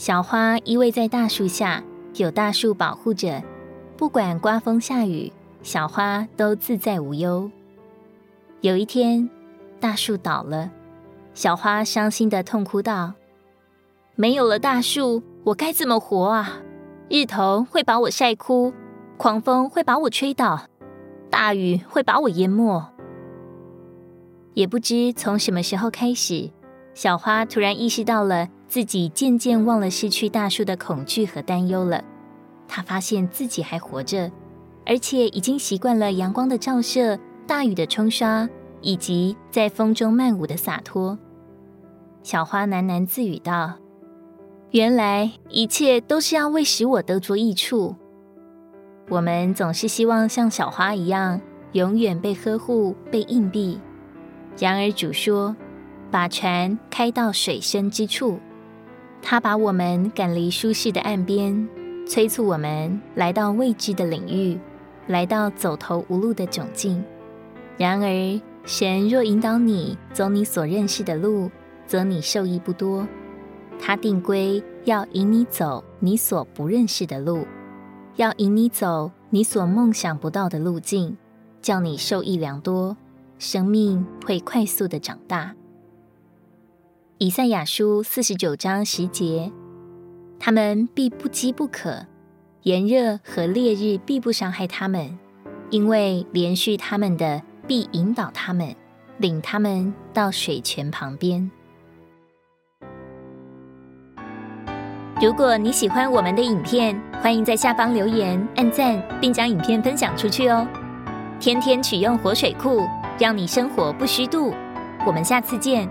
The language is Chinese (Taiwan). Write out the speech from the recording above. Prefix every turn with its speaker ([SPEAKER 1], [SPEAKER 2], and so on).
[SPEAKER 1] 小花依偎在大樹下，有大樹保護着，不管颳風下雨，小花都自在無憂。有一天，大樹倒了，小花傷心地痛哭道：“沒有了大樹，我該怎麼活啊？日頭會把我曬枯，狂風會把我吹倒，大雨會把我淹沒。”也不知從什麼時候開始，小花突然意識到了。自己漸漸忘了失去大樹的恐懼和擔憂了。他發現自己還活着，而且已經習慣了陽光的照射、大雨的沖刷，以及在風中漫舞的灑脫。小花喃喃自語道：“原來一切都是要為使我得着益處。我們總是希望像小花一樣，永遠被呵護、被蔭庇。然而主說：把船開到水深之處。”他把我們趕離舒適的岸邊，催促我們來到未知的領域，來到走投無路的窘境。然而，神若引導你走你所認識的路，則你受益不多。他定規要引你走你所不認識的路，要引你走你所夢想不到的路徑，叫你受益良多，生命會快速的長大。以賽亞書四十九章十節，他們必不飢不渴，炎熱和烈日必不傷害他們，因為連續他們的必引導他們，領他們到水泉旁邊。如果你喜歡我們的影片，歡迎在下方留言、按讚，並將影片分享出去哦！天天取用活水庫，讓你生活不虛度。我們下次見。